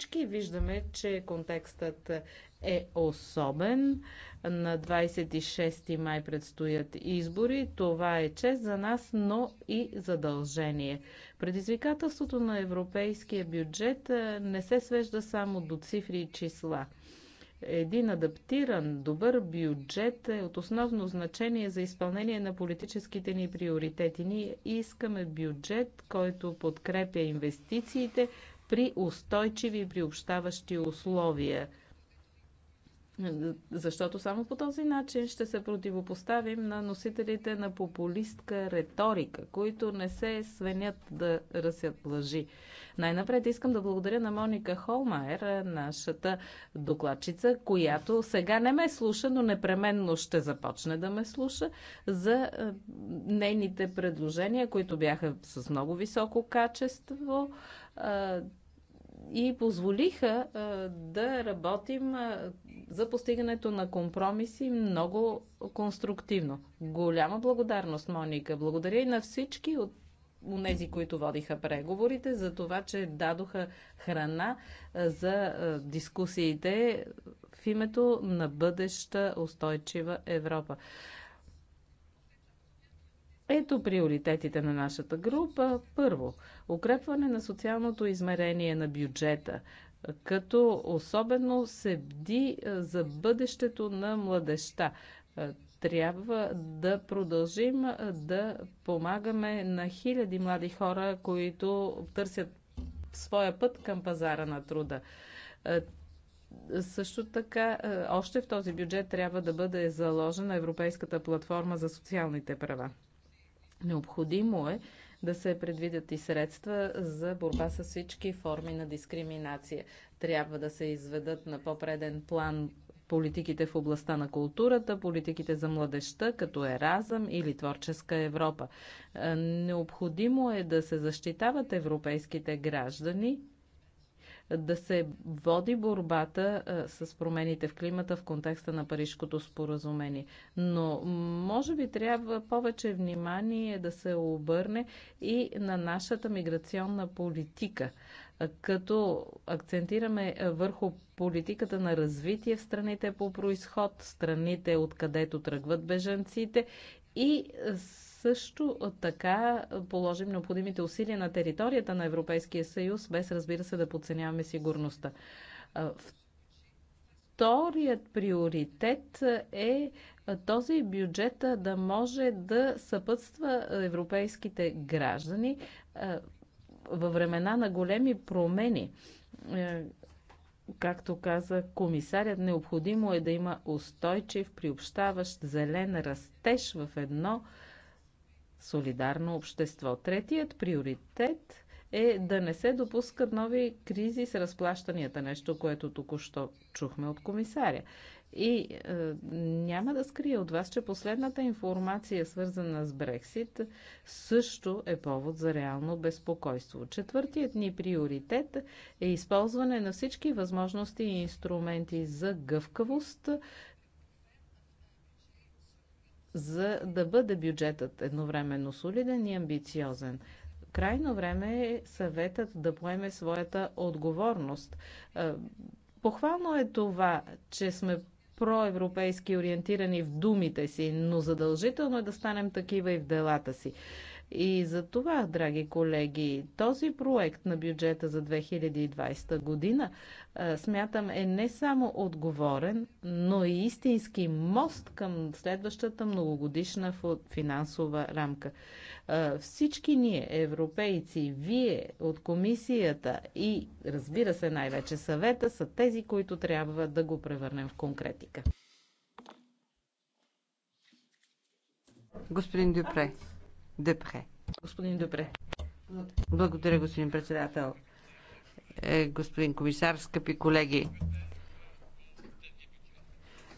Всички виждаме, че контекстът е особен. На 26 май предстоят избори. Това е чест за нас, но и задължение. Предизвикателството на европейския бюджет не се свежда само до цифри и числа. Един адаптиран, добър бюджет е от основно значение за изпълнение на политическите ни приоритети. Ние искаме бюджет, който подкрепя инвестициите, при устойчиви и приобщаващи условия. Защото само по този начин ще се противопоставим на носителите на популистка риторика, които не се свенят да разят лъжи. Най-напред искам да благодаря на Моника Холмайер, нашата докладчица, която сега не ме слуша, но непременно ще започне да ме слуша за е, нейните предложения, които бяха с много високо качество е, и позволиха да работим за постигането на компромиси много конструктивно. Голяма благодарност, Моника. Благодаря и на всички от тези, които водиха преговорите, за това, че дадоха храна за дискусиите в името на бъдеща устойчива Европа. Ето приоритетите на нашата група. Първо, Укрепване на социалното измерение на бюджета, като особено се бди за бъдещето на младеща. Трябва да продължим да помагаме на хиляди млади хора, които търсят своя път към пазара на труда. Също така, още в този бюджет трябва да бъде заложена Европейската платформа за социалните права. Необходимо е да се предвидят и средства за борба с всички форми на дискриминация. Трябва да се изведат на по-преден план политиките в областта на културата, политиките за младеща, като Еразъм или Творческа Европа. Е, необходимо е да се защитават европейските граждани да се води борбата с промените в климата в контекста на Парижското споразумение. Но може би трябва повече внимание да се обърне и на нашата миграционна политика като акцентираме върху политиката на развитие в страните по происход, страните откъдето тръгват бежанците и също така положим необходимите усилия на територията на Европейския съюз, без разбира се да подценяваме сигурността. Вторият приоритет е този бюджет да може да съпътства европейските граждани във времена на големи промени както каза комисарят, необходимо е да има устойчив, приобщаващ зелен растеж в едно солидарно общество. Третият приоритет е да не се допускат нови кризи с разплащанията, нещо, което току-що чухме от комисаря. И е, няма да скрия от вас, че последната информация, свързана с Брексит, също е повод за реално безпокойство. Четвъртият ни приоритет е използване на всички възможности и инструменти за гъвкавост за да бъде бюджетът едновременно солиден и амбициозен. Крайно време е съветът да поеме своята отговорност. Е, похвално е това, че сме проевропейски ориентирани в думите си, но задължително е да станем такива и в делата си. И за това, драги колеги, този проект на бюджета за 2020 година смятам е не само отговорен, но и истински мост към следващата многогодишна финансова рамка. Всички ние, европейци, вие от комисията и разбира се най-вече съвета, са тези, които трябва да го превърнем в конкретика. Господин Дюпре. Депре. Господин Добре. Благодаря, господин председател. Е, господин комисар, скъпи колеги.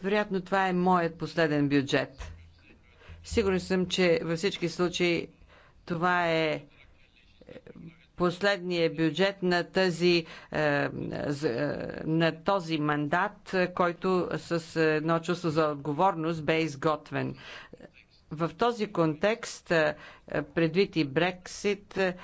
Вероятно това е моят последен бюджет. Сигурен съм, че във всички случаи това е последния бюджет на, тази, е, е, на този мандат, който с едно чувство за отговорност бе изготвен. В този контекст, е, е, предвид и Брексит, е,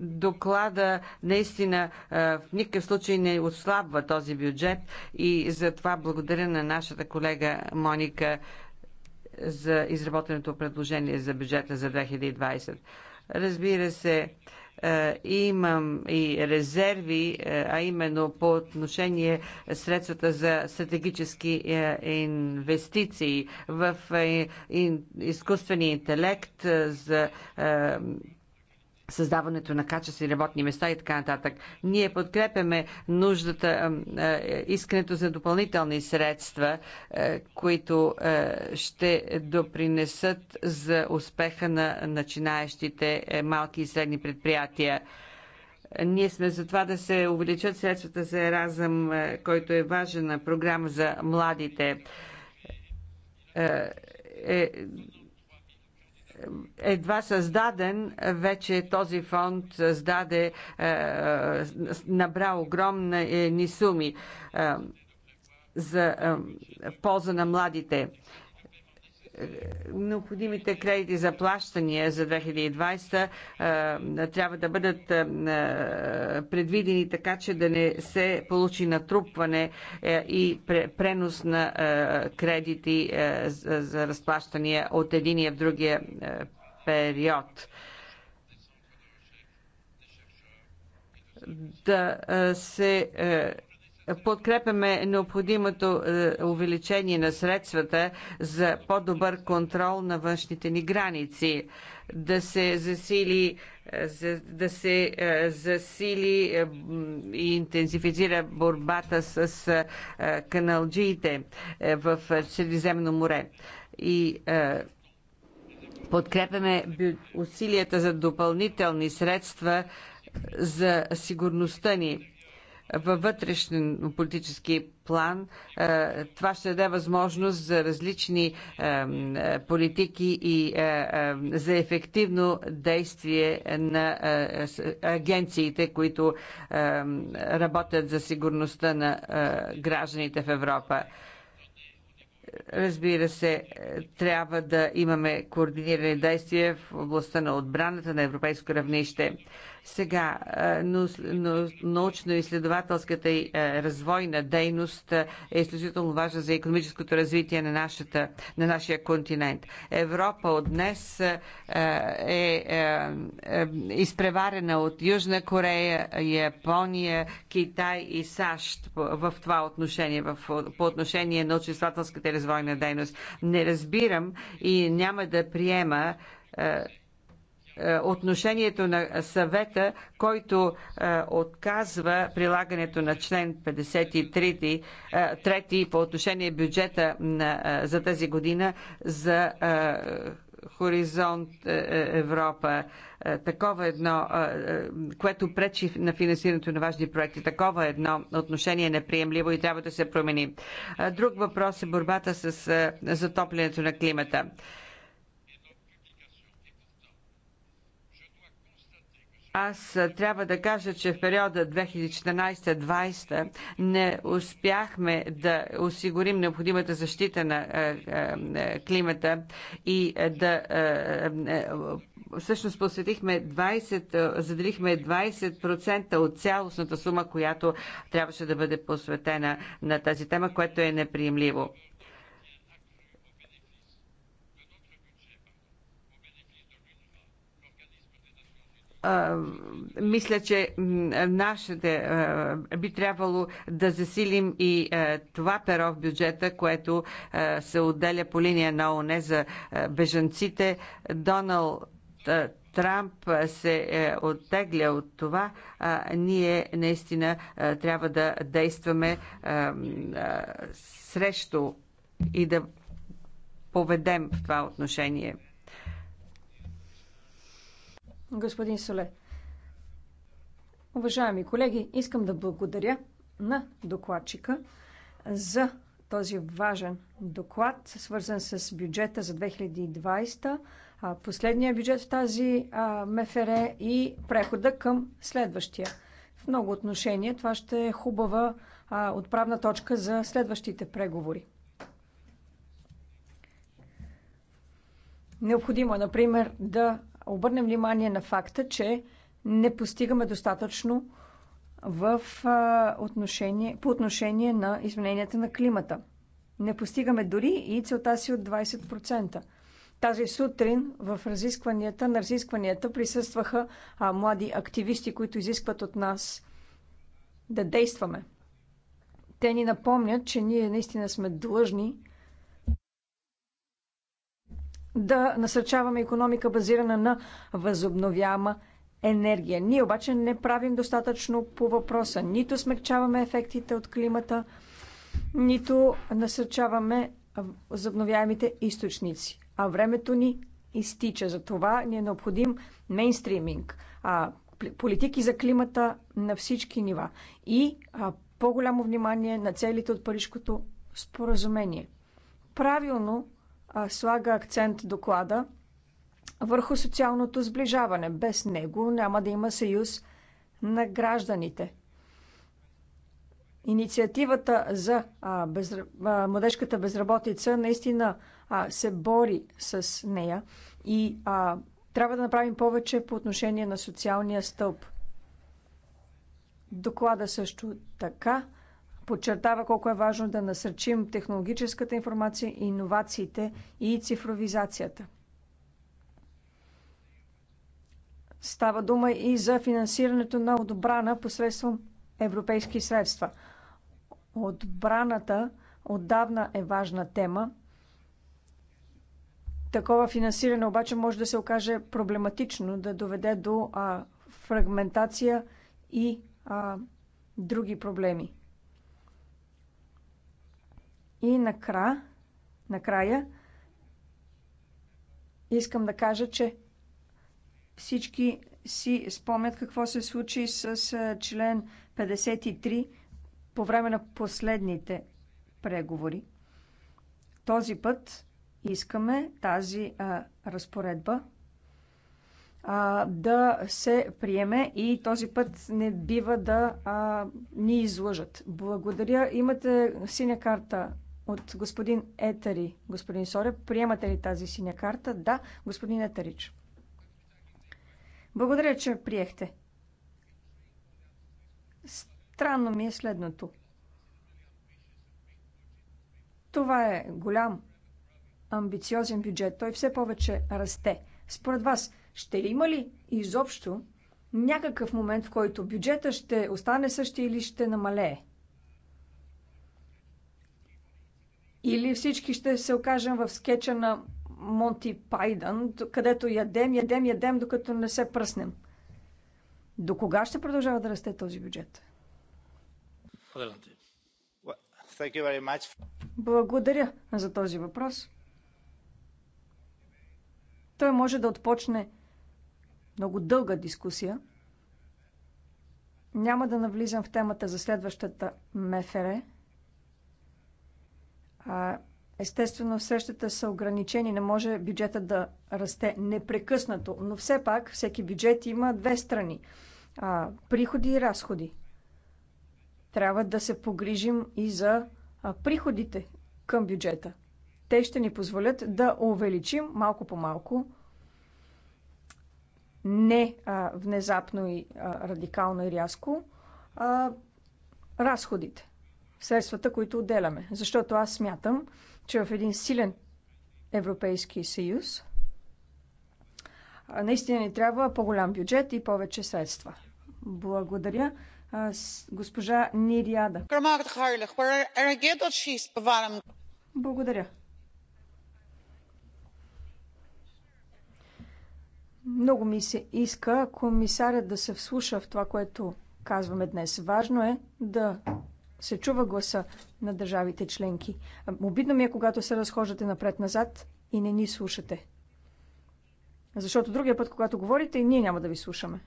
доклада наистина в никакъв случай не отслабва този бюджет и затова благодаря на нашата колега Моника за изработеното предложение за бюджета за 2020. Разбира се, е, имам и резерви, е, а именно по отношение средствата за стратегически е, инвестиции в изкуствения интелект, за създаването на качествени работни места и така нататък. Ние подкрепяме нуждата, искането за допълнителни средства, които ще допринесат за успеха на начинаещите е, малки и средни предприятия. Ние сме за това да се увеличат средствата за Еразъм, който е важен програма за младите е, е, едва създаден, вече този фонд създаде, е, набра огромни е, суми е, за полза на младите необходимите кредити за плащания за 2020 трябва да бъдат предвидени така, че да не се получи натрупване е, и пренос на кредити за разплащания от единия в другия период. Да се Подкрепяме необходимото е, увеличение на средствата за по-добър контрол на външните ни граници, да се засили е, да се е, засили и интензифицира борбата с каналджиите в Средиземно море. И подкрепяме усилията за допълнителни средства за сигурността ни във вътрешен политически план. Е, това ще даде възможност за различни е, е, политики и за ефективно действие на агенциите, които работят за сигурността на гражданите в Европа. Разбира се, трябва да имаме координирани действия в областта на отбраната на европейско равнище. Сега, е, научно-изследователската и е, развойна дейност е, е изключително важна за економическото развитие на, нашата, на нашия континент. Европа от днес е, е, е изпреварена от Южна Корея, Япония, Китай и САЩ в това отношение, в, по отношение на научно-изследователската и развойна дейност. Не разбирам и няма да приема е, отношението на съвета, който е, отказва прилагането на член 53 е, по отношение бюджета за тази година за Хоризонт Европа, такова едно, което пречи на финансирането на важни проекти, такова едно отношение е неприемливо и трябва да се промени. Друг въпрос е борбата с затоплянето на климата. Аз трябва да кажа, че в периода 2014-2020 не успяхме да осигурим необходимата защита на климата и да всъщност посветихме 20, заделихме 20% от цялостната сума, която трябваше да бъде посветена на тази тема, което е неприемливо. мисля, че нашите би трябвало да засилим и това перо в бюджета, което се отделя по линия на ОНЕ за бежанците. Доналд Трамп се е оттегля от това, а ние наистина трябва да действаме срещу и да поведем в това отношение. Господин Соле, уважаеми колеги, искам да благодаря на докладчика за този важен доклад, свързан с бюджета за 2020, последния бюджет в тази МФР и прехода към следващия. В много отношения това ще е хубава отправна точка за следващите преговори. Необходимо е, например, да обърнем внимание на факта, че не постигаме достатъчно в отношение, по отношение на измененията на климата. Не постигаме дори и целта си от 20%. Тази сутрин в разискванията, на разискванията присъстваха а, млади активисти, които изискват от нас да действаме. Те ни напомнят, че ние наистина сме длъжни да насърчаваме економика базирана на възобновяема енергия. Ние обаче не правим достатъчно по въпроса. Нито смягчаваме ефектите от климата, нито насърчаваме възобновяемите източници. А времето ни изтича. За това ни е необходим мейнстриминг, а, политики за климата на всички нива и а, по-голямо внимание на целите от Парижкото споразумение. Правилно слага акцент доклада върху социалното сближаване. Без него няма да има съюз на гражданите. Инициативата за а, а, младежката безработица наистина а, се бори с нея и а, трябва да направим повече по отношение на социалния стълб. Доклада също така подчертава колко е важно да насърчим технологическата информация, иновациите и цифровизацията. Става дума и за финансирането на отбрана посредством европейски средства. Отбраната отдавна е важна тема. Такова финансиране обаче може да се окаже проблематично, да доведе до а, фрагментация и а, други проблеми. И накра, накрая искам да кажа, че всички си спомнят какво се случи с член 53 по време на последните преговори. Този път искаме тази а, разпоредба а, да се приеме и този път не бива да а, ни излъжат. Благодаря. Имате синя карта от господин Етари, Господин Соре, приемате ли тази синя карта? Да, господин Етарич. Благодаря, че приехте. Странно ми е следното. Това е голям, амбициозен бюджет. Той все повече расте. Според вас, ще ли има ли изобщо някакъв момент, в който бюджета ще остане същия или ще намалее? Или всички ще се окажем в скетча на Монти Пайдън, където ядем, ядем, ядем, докато не се пръснем. До кога ще продължава да расте този бюджет? Благодаря за този въпрос. Той може да отпочне много дълга дискусия. Няма да навлизам в темата за следващата МФР, Естествено, срещата са ограничени, не може бюджета да расте непрекъснато, но все пак всеки бюджет има две страни а, приходи и разходи. Трябва да се погрижим и за а, приходите към бюджета. Те ще ни позволят да увеличим малко по малко, не а, внезапно и а, радикално и рязко, а, разходите средствата, които отделяме. Защото аз смятам, че в един силен Европейски съюз наистина ни трябва по-голям бюджет и повече средства. Благодаря. Госпожа Нириада. Благодаря. Много ми се иска комисарят да се вслуша в това, което казваме днес. Важно е да се чува гласа на държавите членки. Обидно ми е, когато се разхождате напред-назад и не ни слушате. Защото другия път, когато говорите, ние няма да ви слушаме.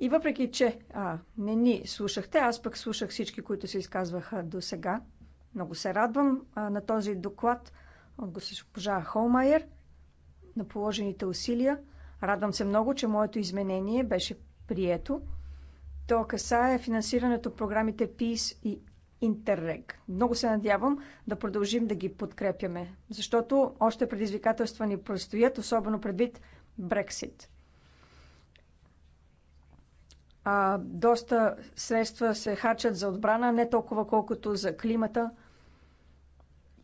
И въпреки, че а, не ни слушахте, аз пък слушах всички, които се изказваха до сега. Много се радвам а, на този доклад от госпожа Холмайер на положените усилия. Радвам се много, че моето изменение беше прието. То касае финансирането програмите PIS и Интеррег. Много се надявам да продължим да ги подкрепяме, защото още предизвикателства ни предстоят, особено предвид Брексит. А, доста средства се харчат за отбрана, не толкова колкото за климата.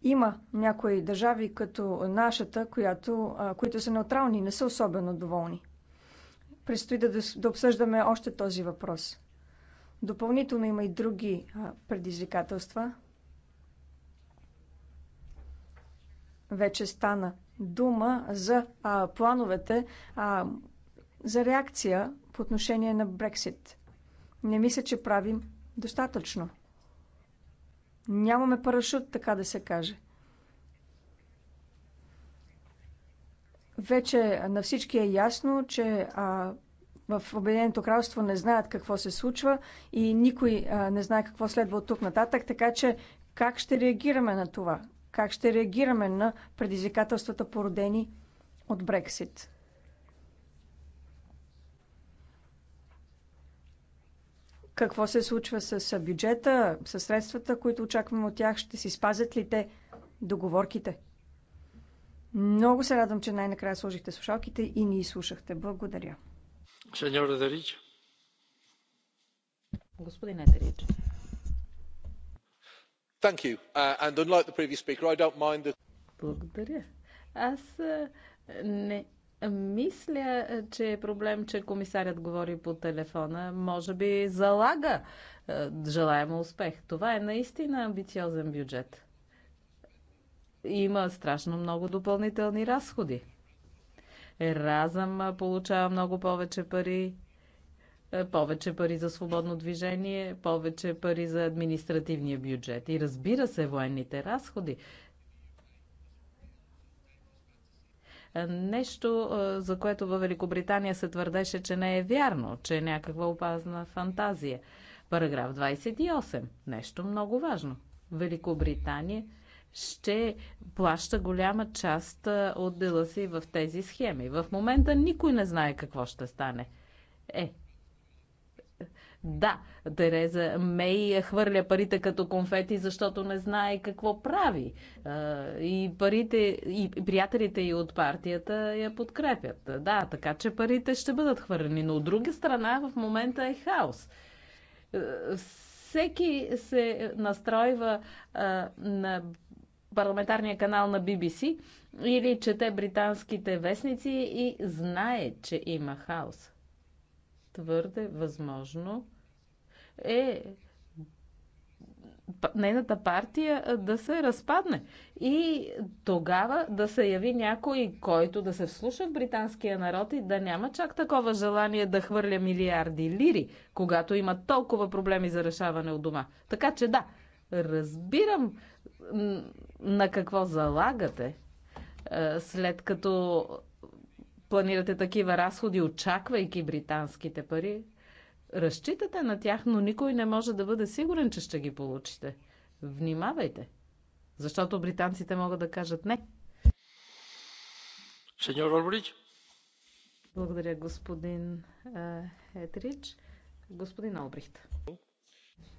Има някои държави, като нашата, която, а, които са неутрални, не са особено доволни. Предстои да, да обсъждаме още този въпрос. Допълнително има и други а, предизвикателства. Вече стана дума за а, плановете а, за реакция по отношение на Брексит. Не мисля, че правим достатъчно. Нямаме парашут, така да се каже. Вече на всички е ясно, че а, в Обединеното кралство не знаят какво се случва и никой а, не знае какво следва от тук нататък, така че как ще реагираме на това? Как ще реагираме на предизвикателствата породени от Брексит? Какво се случва с бюджета, с средствата, които очакваме от тях? Ще си спазят ли те договорките? Много се радвам, че най-накрая сложихте слушалките и ни слушахте. Благодаря. Сеньор Едерич. Господин Едерич. Thank you. Uh, and unlike the previous speaker, I don't mind the... Благодаря. Аз не мисля, че е проблем, че комисарят говори по телефона. Може би залага желаемо успех. Това е наистина амбициозен бюджет има страшно много допълнителни разходи. Еразъм получава много повече пари, е, повече пари за свободно движение, повече пари за административния бюджет. И разбира се, военните разходи. Е, нещо, е, за което във Великобритания се твърдеше, че не е вярно, че е някаква опазна фантазия. Параграф 28. Нещо много важно. Великобритания ще плаща голяма част от дела си в тези схеми. В момента никой не знае какво ще стане. Е, да, Тереза Мей хвърля парите като конфети, защото не знае какво прави. И парите, и приятелите и от партията я подкрепят. Да, така че парите ще бъдат хвърлени. Но от друга страна в момента е хаос. Е, всеки се настройва на парламентарния канал на BBC или чете британските вестници и знае, че има хаос. Твърде възможно е нейната партия да се разпадне. И тогава да се яви някой, който да се вслуша в британския народ и да няма чак такова желание да хвърля милиарди лири, когато има толкова проблеми за решаване от дома. Така че да, разбирам на какво залагате, е, след като планирате такива разходи, очаквайки британските пари, разчитате на тях, но никой не може да бъде сигурен, че ще ги получите. Внимавайте, защото британците могат да кажат не. Сеньор Олбрич. Благодаря, господин е, Етрич. Господин Олбрихт.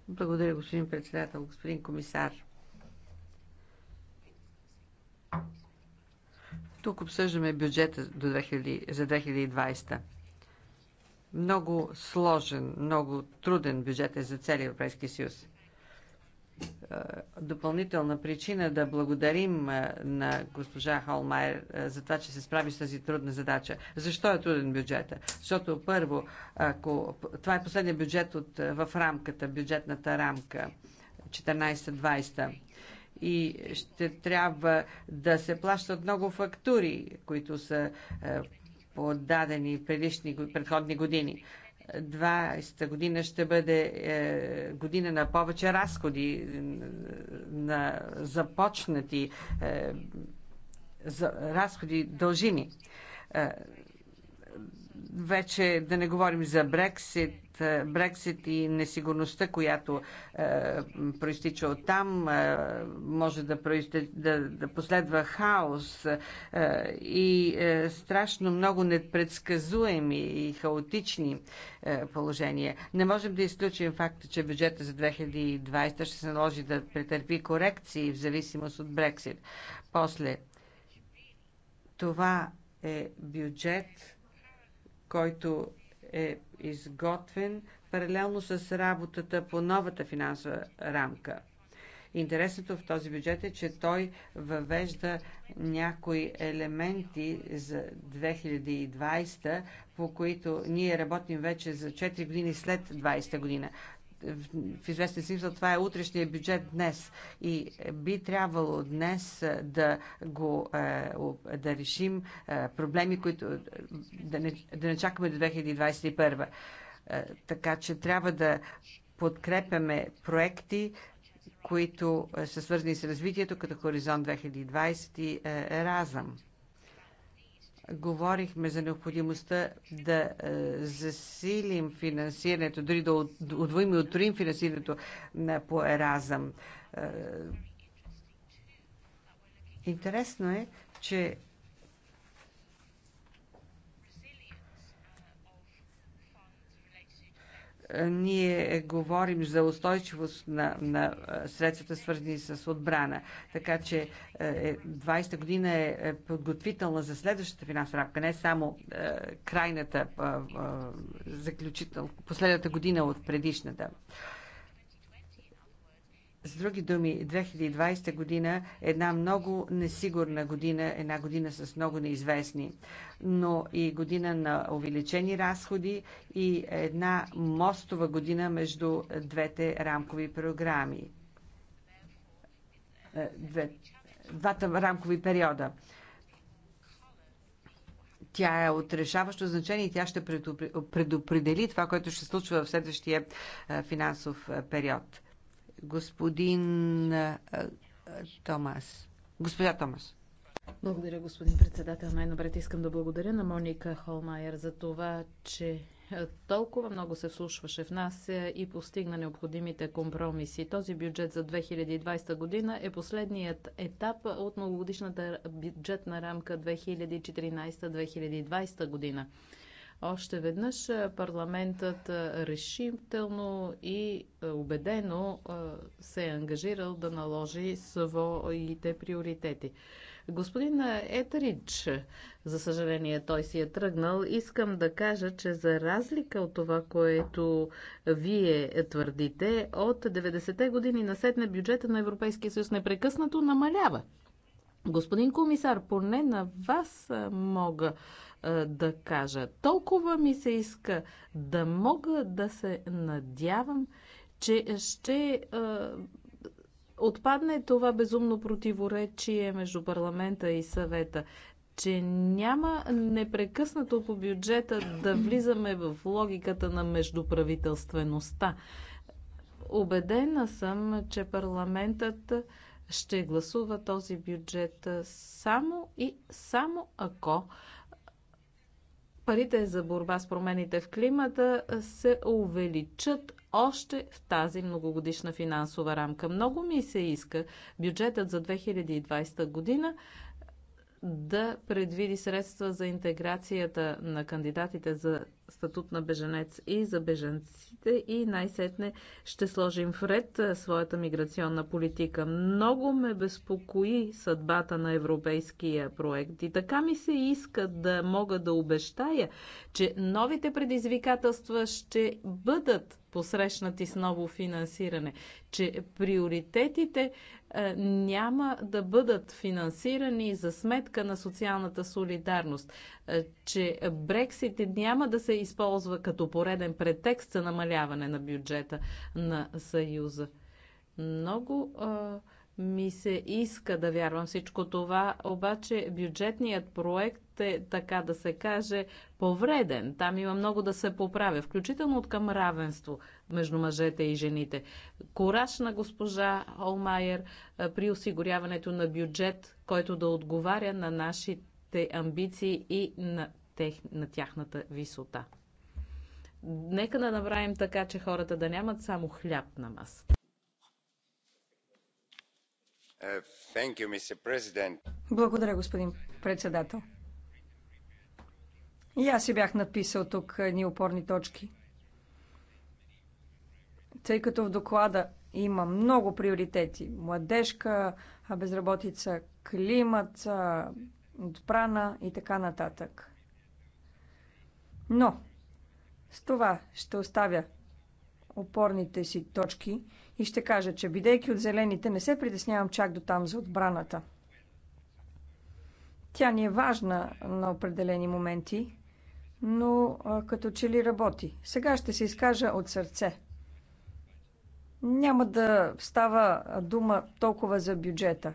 Благодаря, господин председател, господин комисар. Тук обсъждаме бюджета до 2000, за 2020. Много сложен, много труден бюджет е за целия Европейски съюз. Е, допълнителна причина да благодарим е, на госпожа Холмайер е, за това, че се справи с тази трудна задача. Защо е труден бюджета? Защото първо, ако... това е последният бюджет от, в рамката, бюджетната рамка 14-20 и ще трябва да се плащат много фактури, които са е, подадени в предишни, предходни години. 20-та година ще бъде е, година на повече разходи, на започнати е, разходи дължини вече да не говорим за Брексит, е, Брексит и несигурността, която е, проистича от там, е, може да, происти, да, да последва хаос е, и е, страшно много непредсказуеми и хаотични е, положения. Не можем да изключим факта, че бюджета за 2020 ще се наложи да претърпи корекции в зависимост от Брексит. После, това е бюджет, който е изготвен паралелно с работата по новата финансова рамка. Интересното в този бюджет е, че той въвежда някои елементи за 2020, по които ние работим вече за 4 години след 2020 година в известен смисъл това е утрешния бюджет днес и би трябвало днес да го да решим проблеми, които да не, да не чакаме до 2021. Така че трябва да подкрепяме проекти, които са свързани с развитието, като Хоризонт 2020 и Еразъм говорихме за необходимостта да е, засилим финансирането, дори да удвоим и отроим финансирането по Еразъм. Е, интересно е, че Е, ние говорим за устойчивост на, на е, средствата, свързани с отбрана. Така че 20-та е, година е подготвителна за следващата финансова рамка, не само крайната, заключител, последната година от предишната. С други думи, 2020 година е една много несигурна година, една година с много неизвестни, но и година на увеличени разходи и една мостова година между двете рамкови програми. Е, две, двата рамкови периода. Тя е от решаващо значение и тя ще предопредели това, което ще случва в следващия е, финансов е, период господин Томас. Господа Томас. Благодаря, господин председател. Най-напред искам да благодаря на Моника Холмайер за това, че толкова много се вслушваше в нас и постигна необходимите компромиси. Този бюджет за 2020 година е последният етап от многогодишната бюджетна рамка 2014-2020 година. Още веднъж парламентът решително и убедено се е ангажирал да наложи своите приоритети. Господин Етерич, за съжаление той си е тръгнал, искам да кажа, че за разлика от това, което вие твърдите, от 90-те години насетне бюджета на Европейския съюз непрекъснато намалява. Господин комисар, поне на вас мога да кажа. Толкова ми се иска да мога да се надявам, че ще отпадне това безумно противоречие между парламента и съвета, че няма непрекъснато по бюджета да влизаме в логиката на междуправителствеността. Обедена съм, че парламентът ще гласува този бюджет само и само ако парите за борба с промените в климата се увеличат още в тази многогодишна финансова рамка. Много ми се иска бюджетът за 2020 година да предвиди средства за интеграцията на кандидатите за статут на беженец и за беженците и най-сетне ще сложим в ред своята миграционна политика. Много ме безпокои съдбата на европейския проект и така ми се иска да мога да обещая, че новите предизвикателства ще бъдат посрещнати с ново финансиране, че приоритетите е, няма да бъдат финансирани за сметка на социалната солидарност, е, че Брексит няма да се използва като пореден претекст за намаляване на бюджета на Съюза. Много е, ми се иска да вярвам всичко това, обаче бюджетният проект е, така да се каже, повреден. Там има много да се поправя, включително от към равенство между мъжете и жените. Кораж на госпожа Олмайер при осигуряването на бюджет, който да отговаря на нашите амбиции и на, тех, на тяхната висота. Нека да направим така, че хората да нямат само хляб на масата. Uh, Благодаря, господин председател. И аз си бях написал тук едни опорни точки. Тъй като в доклада има много приоритети. Младежка, безработица, климат, отбрана и така нататък. Но с това ще оставя опорните си точки и ще кажа, че бидейки от зелените не се притеснявам чак до там за отбраната. Тя ни е важна на определени моменти, но а, като че ли работи. Сега ще се изкажа от сърце. Няма да става дума толкова за бюджета.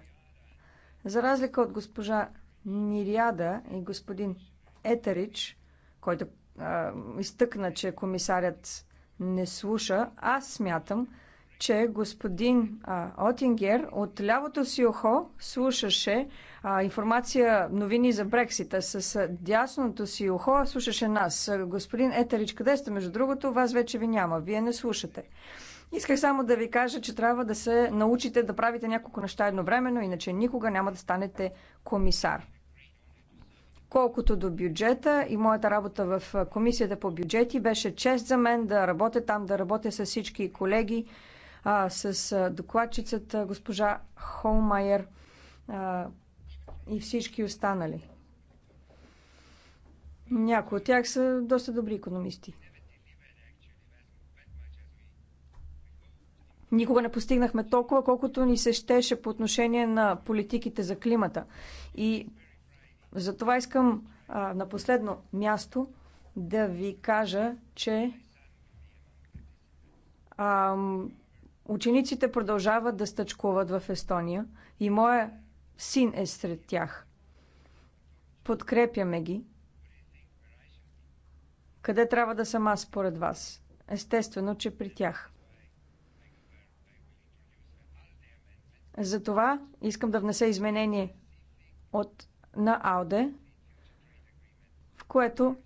За разлика от госпожа Нириада и господин Етерич, който а, изтъкна, че комисарят не слуша, аз смятам, че господин а, Отингер от лявото си ухо слушаше а, информация, новини за Брексита. С дясното си ухо слушаше нас. господин Етерич, къде сте? Между другото, вас вече ви няма. Вие не слушате. Исках само да ви кажа, че трябва да се научите да правите няколко неща едновременно, иначе никога няма да станете комисар. Колкото до бюджета и моята работа в Комисията по бюджети, беше чест за мен да работя там, да работя с всички колеги а, с докладчицата госпожа Холмайер а, и всички останали. Някои от тях са доста добри економисти. Никога не постигнахме толкова, колкото ни се щеше по отношение на политиките за климата. И затова искам а, на последно място да ви кажа, че а, Учениците продължават да стъчкуват в Естония и моя син е сред тях. Подкрепяме ги. Къде трябва да съм аз според вас? Естествено, че при тях. Затова искам да внеса изменение от на АУДЕ, в което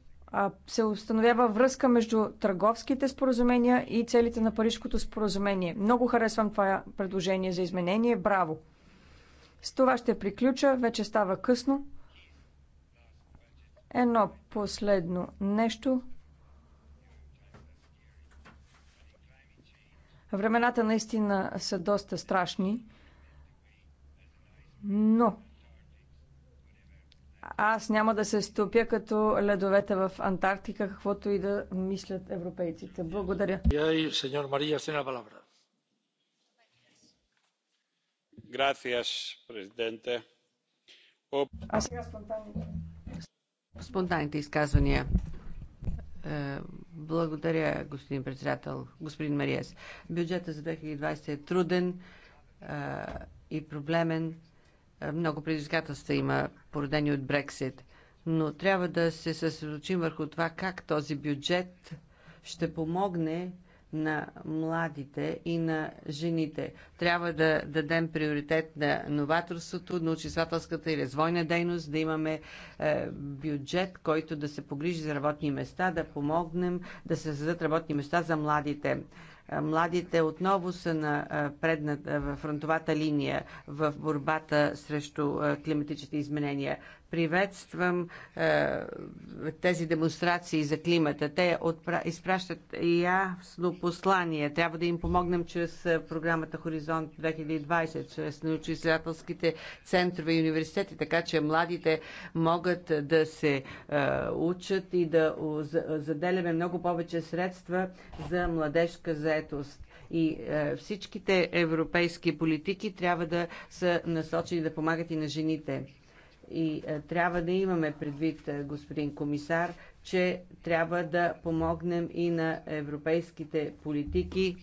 се установява връзка между търговските споразумения и целите на Парижкото споразумение. Много харесвам това предложение за изменение. Браво! С това ще приключа. Вече става късно. Едно последно нещо. Времената наистина са доста страшни, но аз няма да се стопя като ледовете в Антарктика, каквото и да мислят европейците. Благодаря. И сеньор Мария, сена А сега спонтанните. Спонтанните изказвания. Е, благодаря, господин председател, господин Мариес. Бюджета за 2020 е труден е, и проблемен е, много предизвикателства има, породени от Брексит. Но трябва да се съсредоточим върху това как този бюджет ще помогне на младите и на жените. Трябва да дадем приоритет на новаторството, научествателската и развойна дейност, да имаме е, бюджет, който да се погрижи за работни места, да помогнем да се създадат работни места за младите. Младите отново са на предната, фронтовата линия в борбата срещу климатичните изменения. Приветствам е, тези демонстрации за климата. Те отпра... изпращат ясно послание. Трябва да им помогнем чрез е, програмата Хоризонт 2020, чрез научно-изследователските центрове и университети, така че младите могат да се е, учат и да заделяме много повече средства за младежка заетост и е, всичките европейски политики трябва да са насочени да помагат и на жените. И е, трябва да имаме предвид, е, господин комисар, че трябва да помогнем и на европейските политики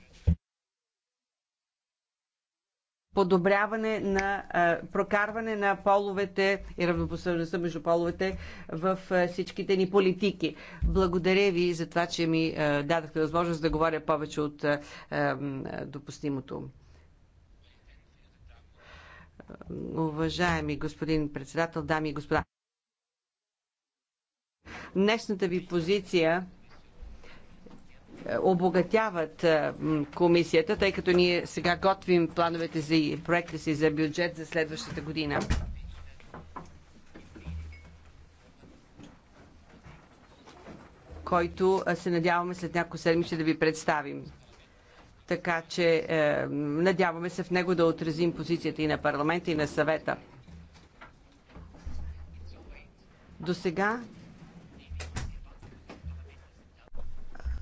подобряване на е, прокарване на половете и равнопоставеността между половете в всичките ни политики. Благодаря ви за това, че ми дадахте възможност да говоря повече от допустимото. Уважаеми господин председател, дами и господа. Днешната ви позиция е, обогатяват е, комисията, тъй като ние сега готвим плановете за и проекта си за бюджет за следващата година. който е, се надяваме след няколко седмици да ви представим така че е, надяваме се в него да отразим позицията и на парламента, и на съвета. До сега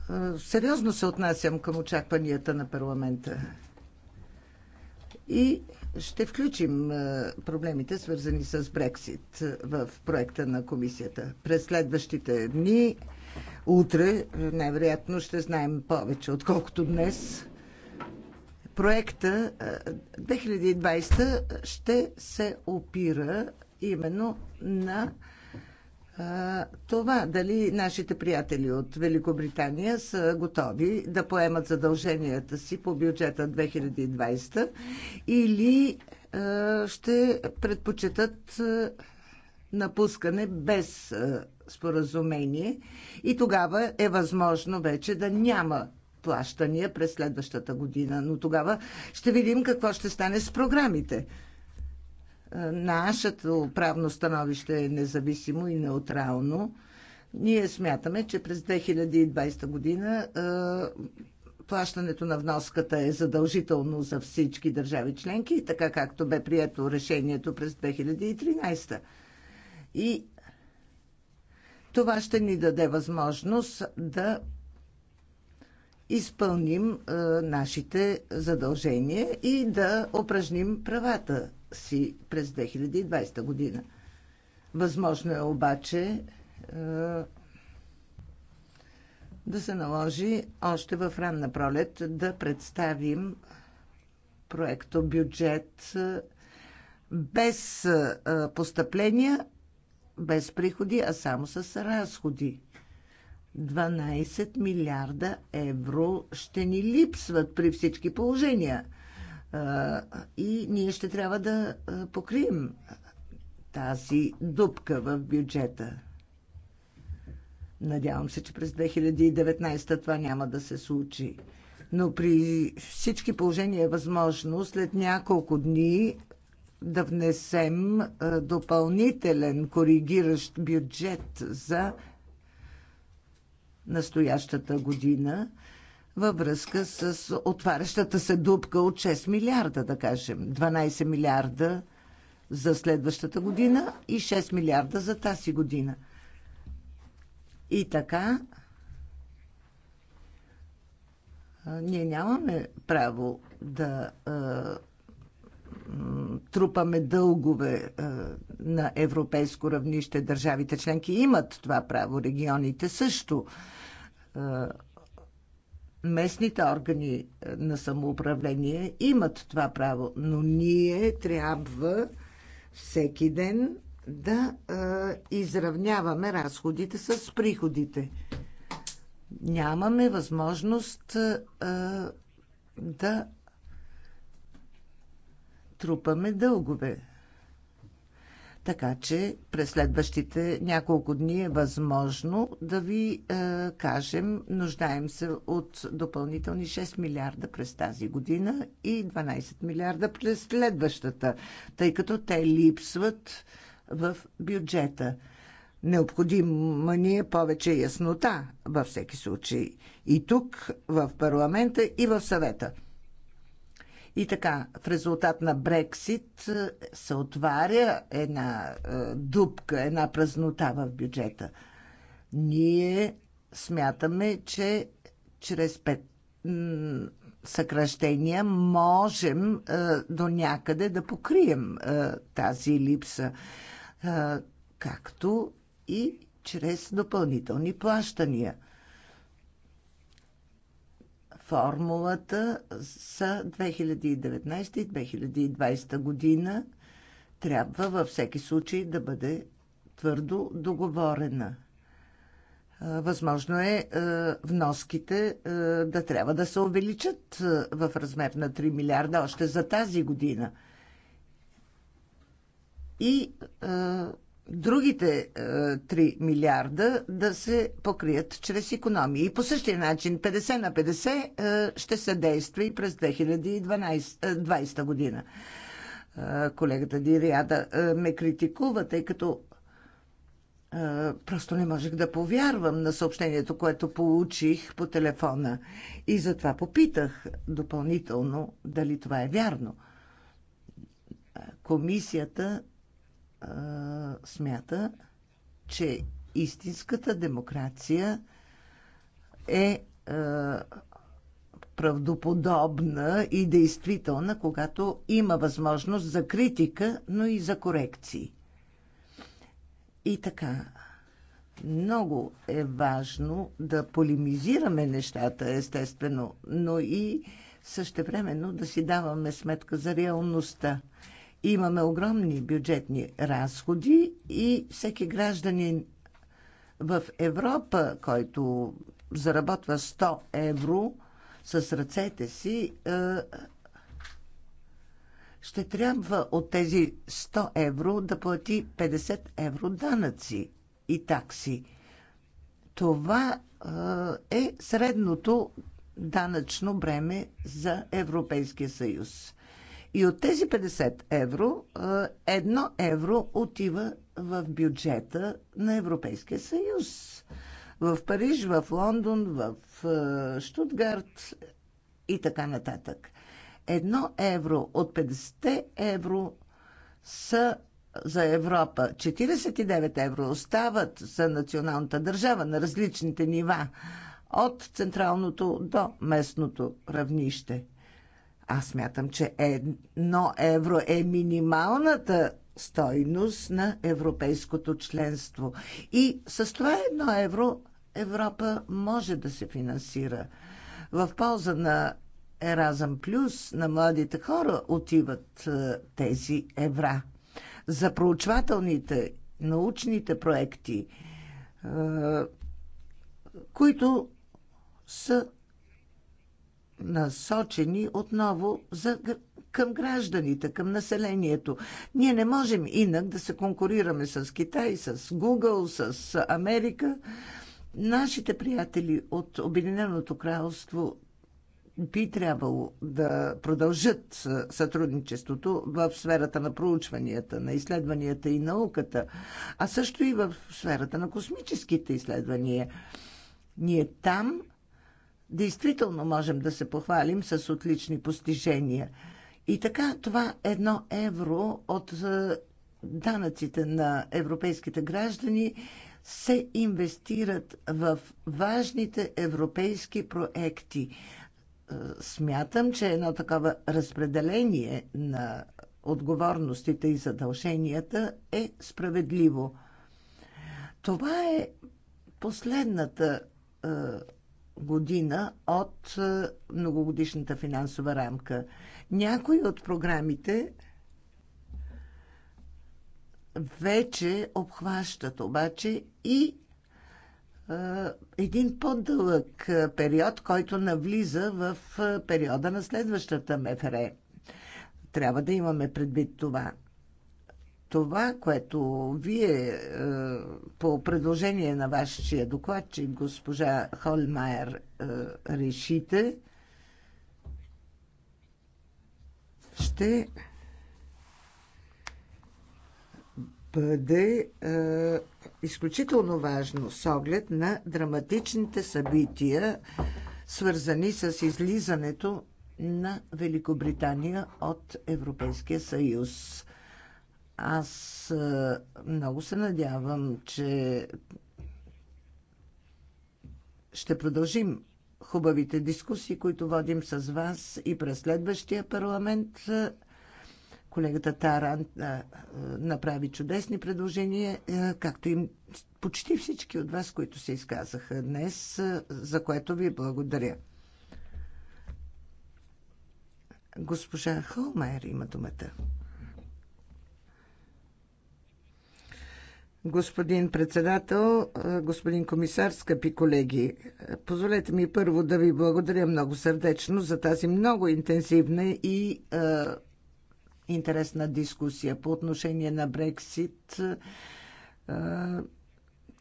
е, сериозно се отнасям към очакванията на парламента. И ще включим е, проблемите, свързани с Брексит е, в проекта на комисията. През следващите дни, утре, най-вероятно ще знаем повече, отколкото днес проекта 2020 ще се опира именно на това дали нашите приятели от Великобритания са готови да поемат задълженията си по бюджета 2020 или ще предпочитат напускане без споразумение и тогава е възможно вече да няма плащания през следващата година. Но тогава ще видим какво ще стане с програмите. Е, нашето правно становище е независимо и неутрално. Ние смятаме, че през 2020 година е, плащането на вноската е задължително за всички държави членки, така както бе прието решението през 2013. И това ще ни даде възможност да изпълним нашите задължения и да упражним правата си през 2020 година. Възможно е обаче да се наложи още в ранна пролет да представим проекто бюджет без постъпления, без приходи, а само с разходи. 12 милиарда евро ще ни липсват при всички положения. И ние ще трябва да покрием тази дупка в бюджета. Надявам се, че през 2019 това няма да се случи. Но при всички положения е възможно след няколко дни да внесем допълнителен коригиращ бюджет за настоящата година във връзка с отварящата се дупка от 6 милиарда, да кажем. 12 милиарда за следващата година и 6 милиарда за тази година. И така, ние нямаме право да трупаме дългове е, на европейско равнище. Държавите членки имат това право, регионите също. Е, местните органи е, на самоуправление имат това право, но ние трябва всеки ден да изравняваме разходите с приходите. Нямаме възможност да трупаме дългове. Така че през следващите няколко дни е възможно да ви е, кажем, нуждаем се от допълнителни 6 милиарда през тази година и 12 милиарда през следващата, тъй като те липсват в бюджета. Необходима ни е повече яснота във всеки случай. И тук, в парламента, и в съвета. И така, в резултат на Брексит е, се отваря една е, дупка, една празнота в бюджета. Ние смятаме, че чрез пет съкръщения можем е, до някъде да покрием тази липса, както и чрез допълнителни плащания – формулата за 2019 и 2020 година трябва във всеки случай да бъде твърдо договорена. Възможно е вноските да трябва да се увеличат в размер на 3 милиарда още за тази година. И другите е, 3 милиарда да се покрият чрез економии. И по същия начин 50 на 50 е, ще се действа и през 2020 е, година. Е, колегата Дириада е, ме критикува, тъй като е, просто не можех да повярвам на съобщението, което получих по телефона. И затова попитах допълнително дали това е вярно е, комисията смята, че истинската демокрация е а, правдоподобна и действителна, когато има възможност за критика, но и за корекции. И така, много е важно да полемизираме нещата, естествено, но и същевременно да си даваме сметка за реалността. Имаме огромни бюджетни разходи и всеки гражданин в Европа, който заработва 100 евро с ръцете си, е, ще трябва от тези 100 евро да плати 50 евро данъци и такси. Това е, е средното данъчно бреме за Европейския съюз. И от тези 50 евро, едно евро отива в бюджета на Европейския съюз. В Париж, в Лондон, в Штутгарт и така нататък. Едно евро от 50 евро са за Европа. 49 евро остават за националната държава на различните нива от централното до местното равнище. Аз мятам, че едно евро е минималната стойност на европейското членство. И с това едно евро Европа може да се финансира. В полза на Еразъм Плюс на младите хора отиват е, тези евра. За проучвателните, научните проекти, е, които са насочени отново за, към гражданите, към населението. Ние не можем инак да се конкурираме с Китай, с Google, с Америка. Нашите приятели от Обединеното кралство би трябвало да продължат сътрудничеството в сферата на проучванията, на изследванията и науката, а също и в сферата на космическите изследвания. Ние там действително можем да се похвалим с отлични постижения. И така, това едно евро от е, данъците на европейските граждани се инвестират в важните европейски проекти. Е, смятам, че едно такова разпределение на отговорностите и задълженията е справедливо. Това е последната е, година от е, многогодишната финансова рамка. Някои от програмите вече обхващат обаче и е, един по-дълъг е, период, който навлиза в периода на следващата МФР. Трябва да имаме предвид това това, което вие е, по предложение на вашия докладчик госпожа Холмайер е, решите, ще бъде е, изключително важно с оглед на драматичните събития, свързани с излизането на Великобритания от Европейския съюз. Аз много се надявам, че ще продължим хубавите дискусии, които водим с вас и през следващия парламент. Колегата Таран направи чудесни предложения, както и почти всички от вас, които се изказаха днес, за което ви благодаря. Госпожа Холмайер има думата. Господин председател, господин комисар, скъпи колеги, позволете ми първо да ви благодаря много сърдечно за тази много интензивна и е, интересна дискусия по отношение на Брексит. Е,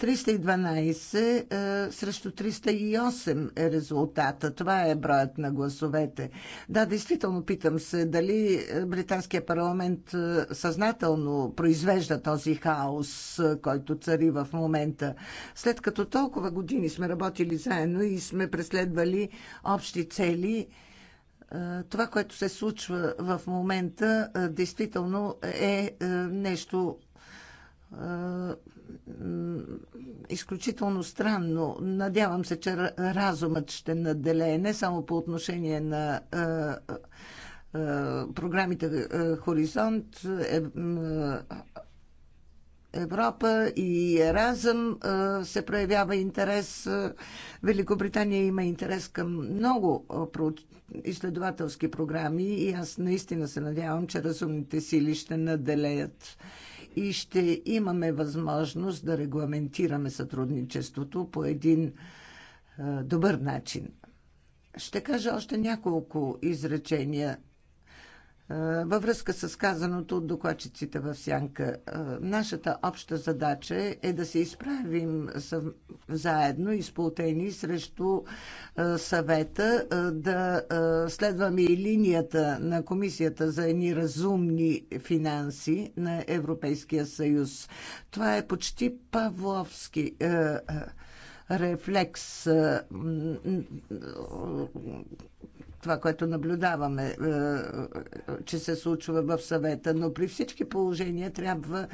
312 е, срещу 308 е резултата. Това е броят на гласовете. Да, действително питам се дали е, британския парламент е, съзнателно произвежда този хаос, е, който цари в момента. След като толкова години сме работили заедно и сме преследвали общи цели, това, което се случва в момента, действително е нещо е, изключително странно. Надявам се, че разумът ще наделее не само по отношение на е, е, програмите Хоризонт, Европа и Еразъм се проявява интерес. Великобритания има интерес към много изследователски програми и аз наистина се надявам, че разумните сили ще наделеят и ще имаме възможност да регламентираме сътрудничеството по един е, добър начин. Ще кажа още няколко изречения във връзка с казаното от докладчиците в Сянка, нашата обща задача е да се изправим заедно и сплутени срещу съвета, да следваме и линията на Комисията за едни разумни финанси на Европейския съюз. Това е почти павловски рефлекс това, което наблюдаваме, е, че се случва в съвета, но при всички положения трябва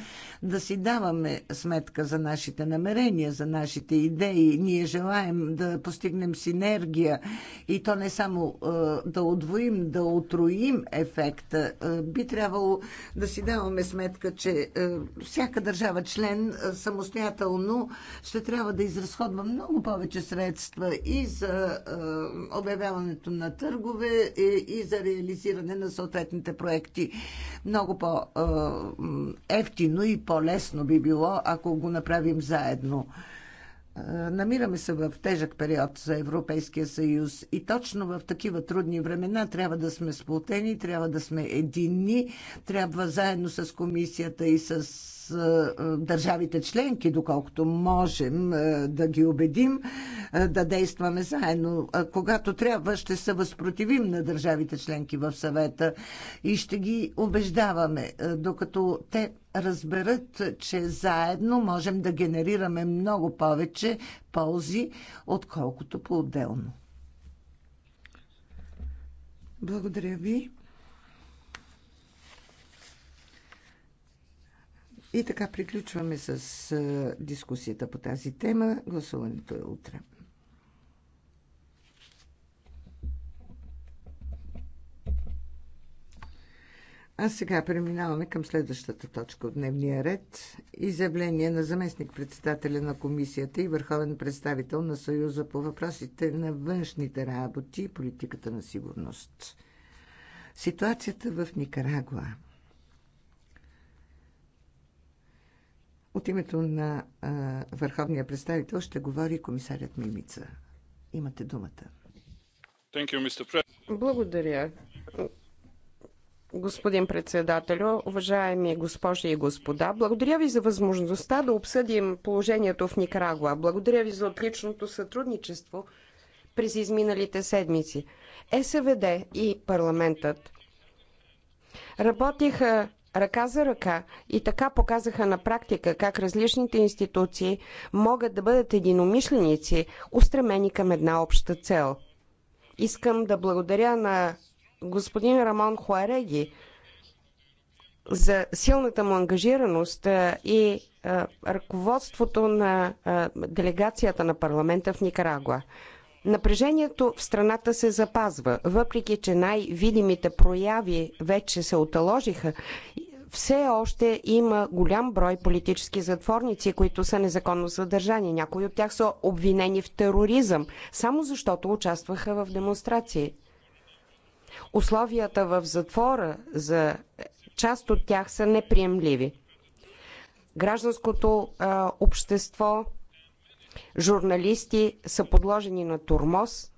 да си даваме сметка за нашите намерения, за нашите идеи. Ние желаем да постигнем синергия и то не само е, да отвоим, да отруим ефекта. Е, би трябвало да си даваме сметка, че всяка държава член самостоятелно ще трябва да изразходва много повече средства и за обявяването на търг, търгове е, и за реализиране на съответните проекти. Много по-ефтино и по-лесно би било, ако го направим заедно. Намираме се в тежък период за Европейския съюз и точно в такива трудни времена трябва да сме сплутени, трябва да сме единни, трябва заедно с комисията и с държавите членки, доколкото можем да ги убедим да действаме заедно. Когато трябва, ще се възпротивим на държавите членки в съвета и ще ги убеждаваме, докато те разберат, че заедно можем да генерираме много повече ползи, отколкото по-отделно. Благодаря ви. И така приключваме с дискусията по тази тема. Гласуването е утре. А сега преминаваме към следващата точка от дневния ред. Изявление на заместник-председателя на комисията и върховен представител на Съюза по въпросите на външните работи и политиката на сигурност. Ситуацията в Никарагуа. От името на а, върховния представител ще говори комисарят Мимица. Имате думата. You, Благодаря. Господин председател, уважаеми госпожи и господа, благодаря ви за възможността да обсъдим положението в Никарагуа. Благодаря ви за отличното сътрудничество през изминалите седмици. СВД е и парламентът работиха ръка за ръка и така показаха на практика как различните институции могат да бъдат единомишленици, устремени към една обща цел. Искам да благодаря на господин Рамон Хуареги за силната му ангажираност и ръководството на делегацията на парламента в Никарагуа. Напрежението в страната се запазва, въпреки че най-видимите прояви вече се оталожиха все още има голям брой политически затворници, които са незаконно съдържани. Някои от тях са обвинени в тероризъм, само защото участваха в демонстрации. Условията в затвора за част от тях са неприемливи. Гражданското а, общество, журналисти са подложени на турмоз.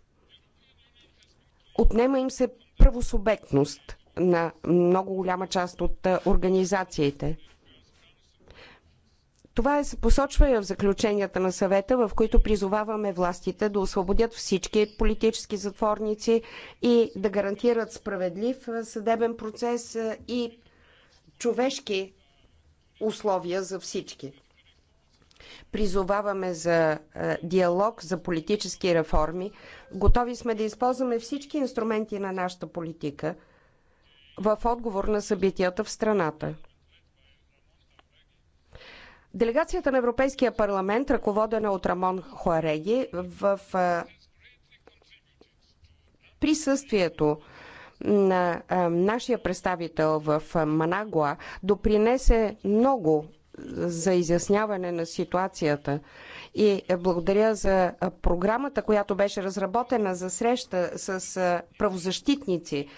Отнема им се правосубектност – на много голяма част от организациите. Това е, се посочва и в заключенията на съвета, в които призоваваме властите да освободят всички политически затворници и да гарантират справедлив съдебен процес и човешки условия за всички. Призоваваме за диалог, за политически реформи. Готови сме да използваме всички инструменти на нашата политика – в отговор на събитията в страната. Делегацията на Европейския парламент, ръководена от Рамон Хуареги, в присъствието на нашия представител в Манагуа допринесе много за изясняване на ситуацията. И благодаря за програмата, която беше разработена за среща с правозащитници,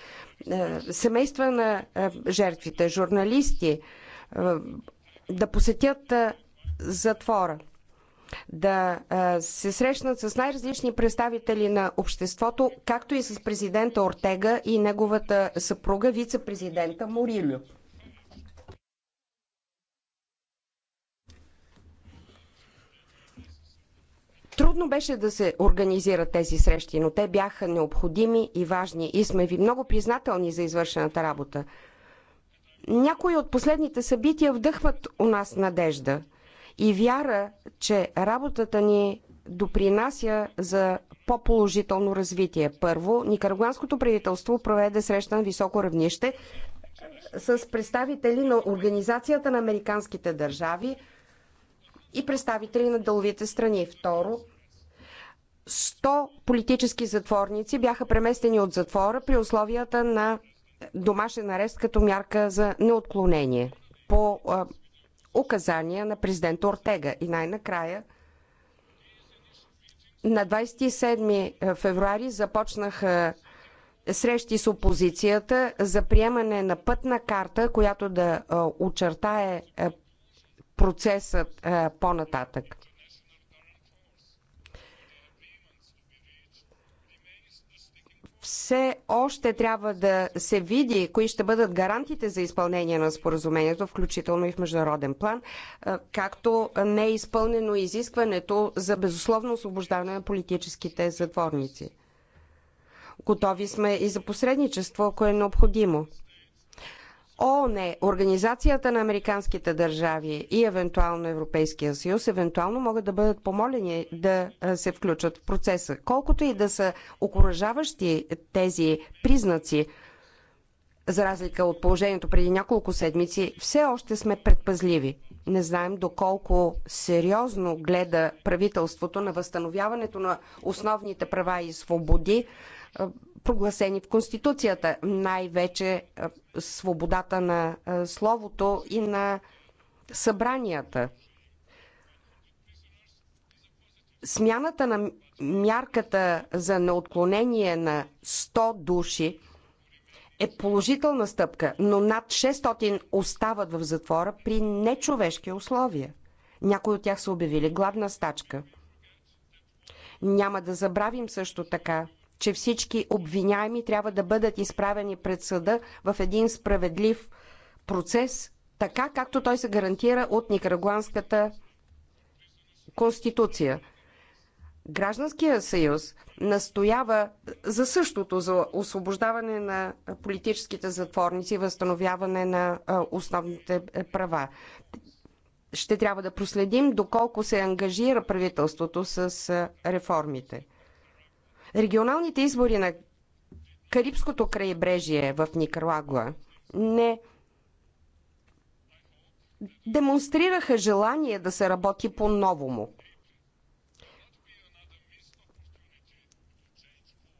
семейства на жертвите, журналисти, да посетят затвора да се срещнат с най-различни представители на обществото, както и с президента Ортега и неговата съпруга, вице-президента Морилю. Трудно беше да се организират тези срещи, но те бяха необходими и важни и сме ви много признателни за извършената работа. Някои от последните събития вдъхват у нас надежда и вяра, че работата ни допринася за по-положително развитие. Първо, никарагуанското правителство проведе среща на високо равнище с представители на Организацията на американските държави, и представители на дълвите страни. Второ, 100 политически затворници бяха преместени от затвора при условията на домашен арест като мярка за неотклонение по а, указания на президента Ортега. И най-накрая на 27 февруари започнаха срещи с опозицията за приемане на пътна карта, която да очертае процесът по-нататък. все още трябва да се види кои ще бъдат гарантите за изпълнение на споразумението, включително и в международен план, както не е изпълнено изискването за безусловно освобождаване на политическите затворници. Готови сме и за посредничество, ако е необходимо. ООН, Организацията на американските държави и евентуално Европейския съюз, евентуално могат да бъдат помолени да се включат в процеса. Колкото и да са окоръжаващи тези признаци, за разлика от положението преди няколко седмици, все още сме предпазливи. Не знаем доколко сериозно гледа правителството на възстановяването на основните права и свободи прогласени в Конституцията, най-вече е, свободата на е, словото и на събранията. Смяната на мярката за неотклонение на 100 души е положителна стъпка, но над 600 остават в затвора при нечовешки условия. Някои от тях са обявили гладна стачка. Няма да забравим също така че всички обвиняеми трябва да бъдат изправени пред съда в един справедлив процес, така както той се гарантира от Никарагуанската конституция. Гражданския съюз настоява за същото, за освобождаване на политическите затворници и възстановяване на основните е, права. Ще трябва да проследим доколко се ангажира правителството с реформите. Регионалните избори на Карибското крайбрежие в Никарагуа не демонстрираха желание да се работи по-новому.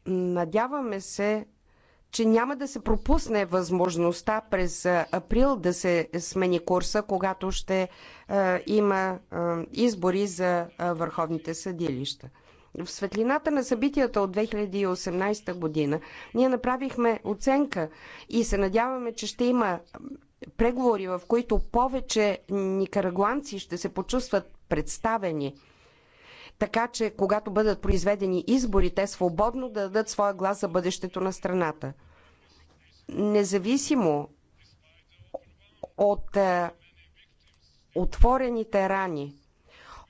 Надяваме се, че няма да се пропусне възможността през април да се смени курса, когато ще е, има е, избори за е, върховните съдилища. В светлината на събитията от 2018 година ние направихме оценка и се надяваме, че ще има преговори, в които повече никарагуанци ще се почувстват представени така че когато бъдат произведени избори, те свободно да дадат своя глас за бъдещето на страната. Независимо от е, отворените рани,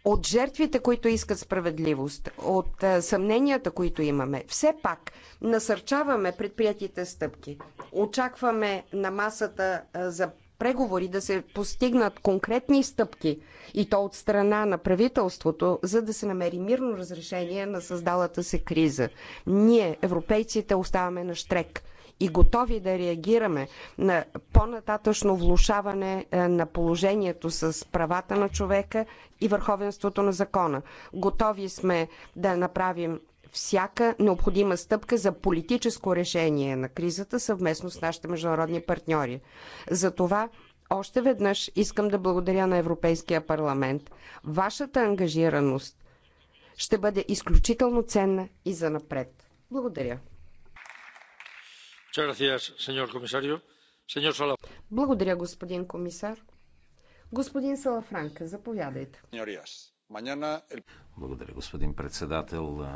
от жертвите, които искат справедливост, от е, съмненията, които имаме, все пак насърчаваме предприятите стъпки. Очакваме на масата е, за преговори да се постигнат конкретни стъпки и то от страна на правителството, за да се намери мирно разрешение на създалата се криза. Ние, европейците, оставаме на штрек и готови да реагираме на по-нататъчно влушаване е, на положението с правата на човека и върховенството на закона. Готови сме да направим всяка необходима стъпка за политическо решение на кризата съвместно с нашите международни партньори. За това още веднъж искам да благодаря на Европейския парламент. Вашата ангажираност ще бъде изключително ценна и за напред. Благодаря. Благодаря, господин комисар. Господин Салафранка, заповядайте. Е Благодаря, господин председател,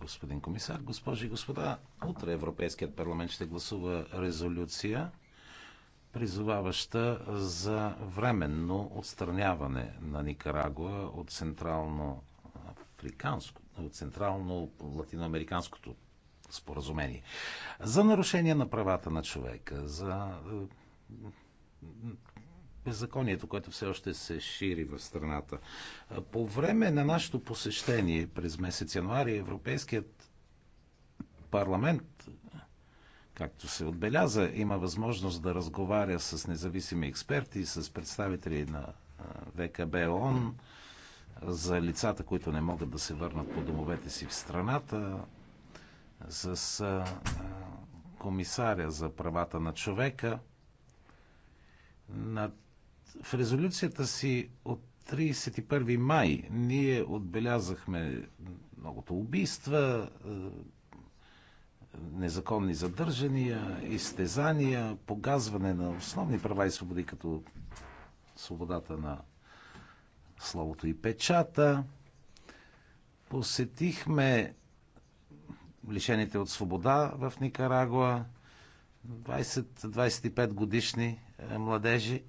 господин комисар, госпожи и господа. Утре Европейският парламент ще гласува резолюция, призоваваща за временно отстраняване на Никарагуа от централно африканско, от централно латиноамериканското споразумение. За нарушение на правата на човека, за е, беззаконието, което все още се шири в страната. По време на нашето посещение през месец януари Европейският парламент, както се отбеляза, има възможност да разговаря с независими експерти, с представители на ВКБ ООН за лицата, които не могат да се върнат по домовете си в страната, с а, комисаря за правата на човека. На, в резолюцията си от 31 май ние отбелязахме многото убийства, незаконни задържания, изтезания, погазване на основни права и свободи, като свободата на словото и печата. Посетихме лишените от свобода в Никарагуа, 20-25 годишни е, младежи.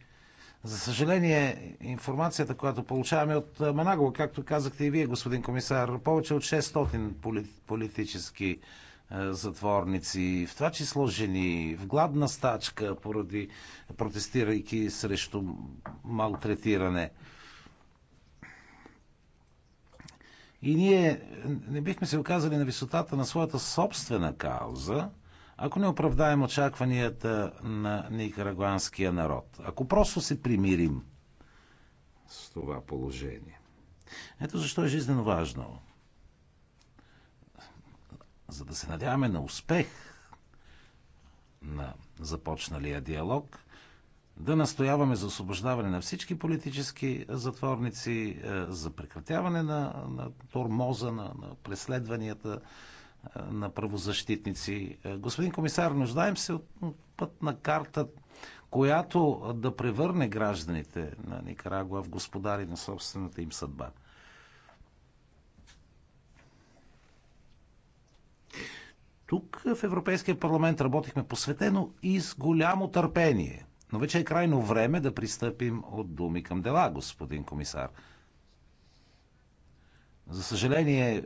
За съжаление, информацията, която получаваме от е, Манагова, както казахте и вие, господин комисар, повече от 600 политически е, затворници, в това число жени, в гладна стачка, поради протестирайки срещу малтретиране. И ние не бихме се оказали на висотата на своята собствена кауза, ако не оправдаем очакванията на никарагуанския народ. Ако просто се примирим с това положение. Ето защо е жизненно важно. За да се надяваме на успех на започналия диалог – да настояваме за освобождаване на всички политически затворници, е, за прекратяване на, на тормоза, на, на преследванията е, на правозащитници. Е, господин комисар, нуждаем се от път на карта, която да превърне гражданите на Никарагуа в господари на собствената им съдба. Тук в Европейския парламент работихме посветено и с голямо търпение – но вече е крайно време да пристъпим от думи към дела, господин комисар. За съжаление,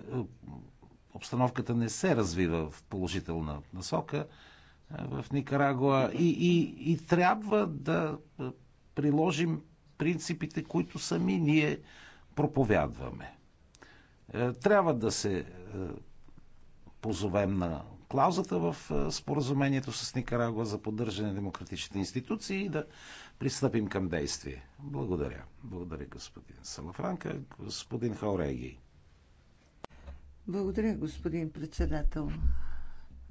обстановката не се развива в положителна насока е, в Никарагуа и, и, и трябва да е, приложим принципите, които сами ние проповядваме. Е, трябва да се позовем на клаузата в споразумението с Никарагуа за поддържане на демократичните институции и да пристъпим към действие. Благодаря. Благодаря, господин Салафранка. Господин Хаореги. Благодаря, господин председател.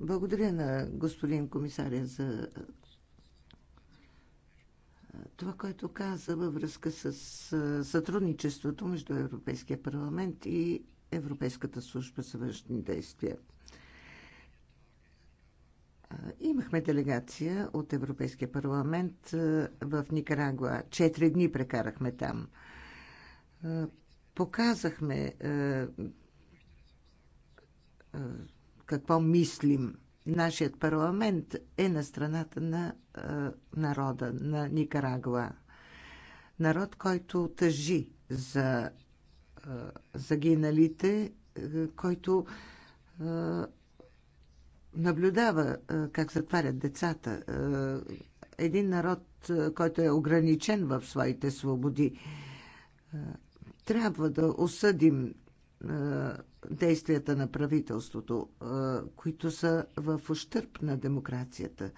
Благодаря на господин комисаря за това, което каза във връзка с сътрудничеството между Европейския парламент и Европейската служба за външни действия. Имахме делегация от Европейския парламент в Никарагуа. Четири дни прекарахме там. Показахме какво мислим. Нашият парламент е на страната на народа на Никарагуа. Народ, който тъжи за загиналите, който наблюдава как затварят децата. Един народ, който е ограничен в своите свободи. Трябва да осъдим действията на правителството, които са в ущърп на демокрацията.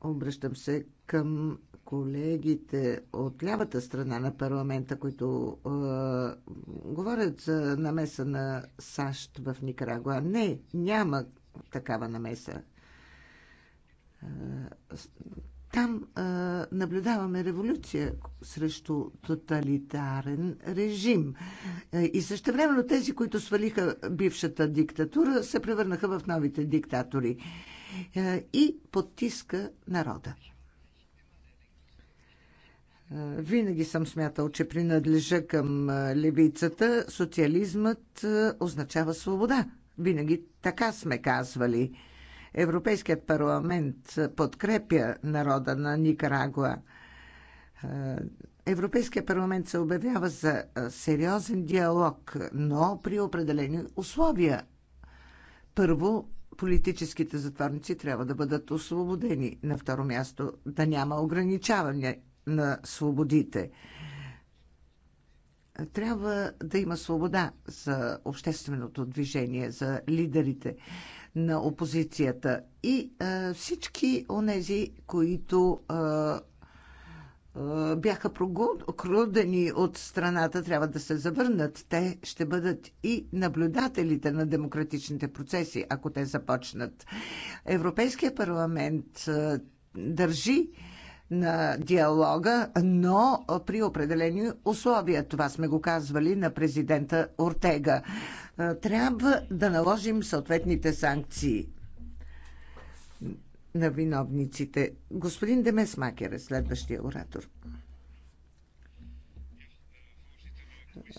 Обръщам се към колегите от лявата страна на парламента, които е, говорят за намеса на САЩ в Никарагуа. Не, няма такава намеса. Е, там е, наблюдаваме революция срещу тоталитарен режим. Е, и същевременно тези, които свалиха бившата диктатура, се превърнаха в новите диктатори е, и потиска народа. Винаги съм смятал, че принадлежа към левицата. Социализмът означава свобода. Винаги така сме казвали. Европейският парламент подкрепя народа на Никарагуа. Европейския парламент се обявява за сериозен диалог, но при определени условия. Първо, политическите затворници трябва да бъдат освободени. На второ място, да няма ограничаване на свободите. Трябва да има свобода за общественото движение, за лидерите на опозицията и а, всички онези, които а, бяха прогодени от страната, трябва да се завърнат. Те ще бъдат и наблюдателите на демократичните процеси, ако те започнат. Европейския парламент държи на диалога, но при определени условия. Това сме го казвали на президента Ортега. Е, трябва да наложим съответните санкции на виновниците. Господин Демес Макер е следващия оратор.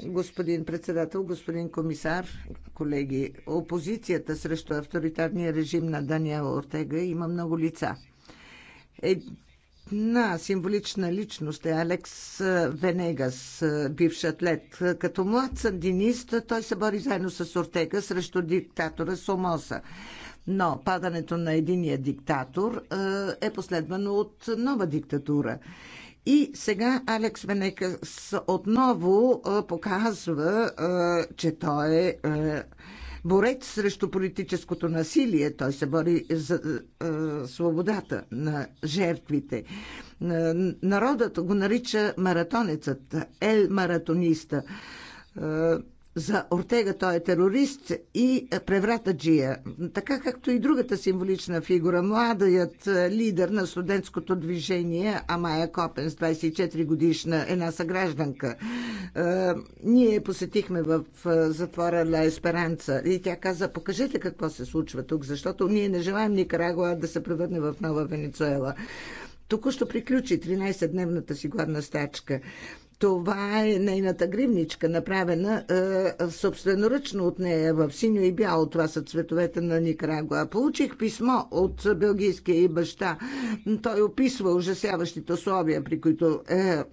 Господин председател, господин комисар, колеги, опозицията срещу авторитарния режим на Даниела Ортега има много лица. Е, една символична личност е Алекс Венегас, бивш атлет. Като млад сандинист той се бори заедно с Ортега срещу диктатора Сомоса. Но падането на единия диктатор е последвано от нова диктатура. И сега Алекс Венегас отново показва, че той е борец срещу политическото насилие. Той се бори за е, е свободата на жертвите. Е, народът го нарича маратонецът, ел-маратониста е, за Ортега той е терорист и преврата Джия, така както и другата символична фигура, младият е, лидер на студентското движение Амая Копенс, 24 годишна една съгражданка. Е, ние посетихме в е, затвора Ла Есперанца и тя каза, покажете какво се случва тук, защото ние не желаем Никарагуа да се превърне в нова Венецуела. Току-що приключи 13-дневната си гладна стачка. Това е нейната гривничка, направена е, собственоръчно от нея в синьо и бяло. Това са цветовете на Никарагуа. Получих писмо от белгийския и баща. Той описва ужасяващите условия, при които е, е,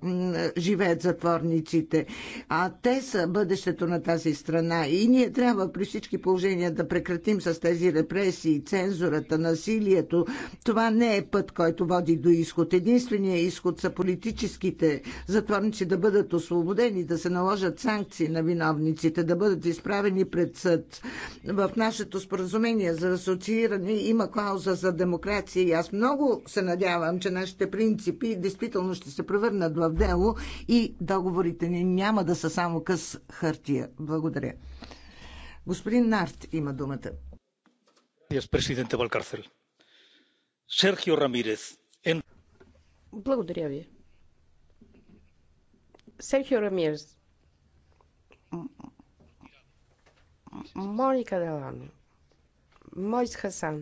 живеят затворниците. А те са бъдещето на тази страна. И ние трябва при всички положения да прекратим с тези репресии, цензурата, насилието. Това не е път, който води до изход. Единственият изход са политическите затворници да бъдат освободени, да се наложат санкции на виновниците, да бъдат изправени пред съд. В нашето споразумение за асоцииране има клауза за демокрация и аз много се надявам, че нашите принципи действително ще се превърнат в дело и договорите ни няма да са само къс хартия. Благодаря. Господин Нарт има думата. Благодаря ви. Sergio Рамирс, Моника Delano, Мойс Хасан,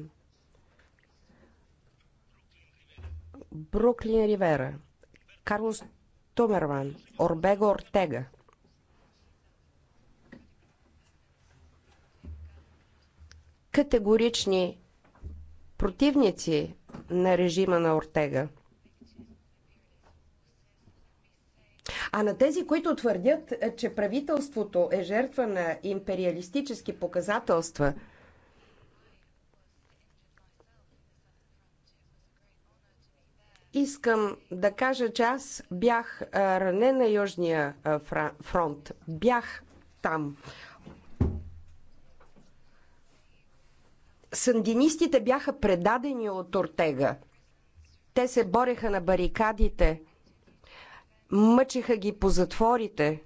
Бруклин Ривера, Карлос Тумерман, Орбего Ортега. Категорични противници на режима на Ортега – А на тези, които твърдят, е, че правителството е жертва на империалистически показателства, искам да кажа, че аз бях ранен на Южния фронт. Бях там. Сандинистите бяха предадени от Ортега. Те се бореха на барикадите – Мъчеха ги по затворите,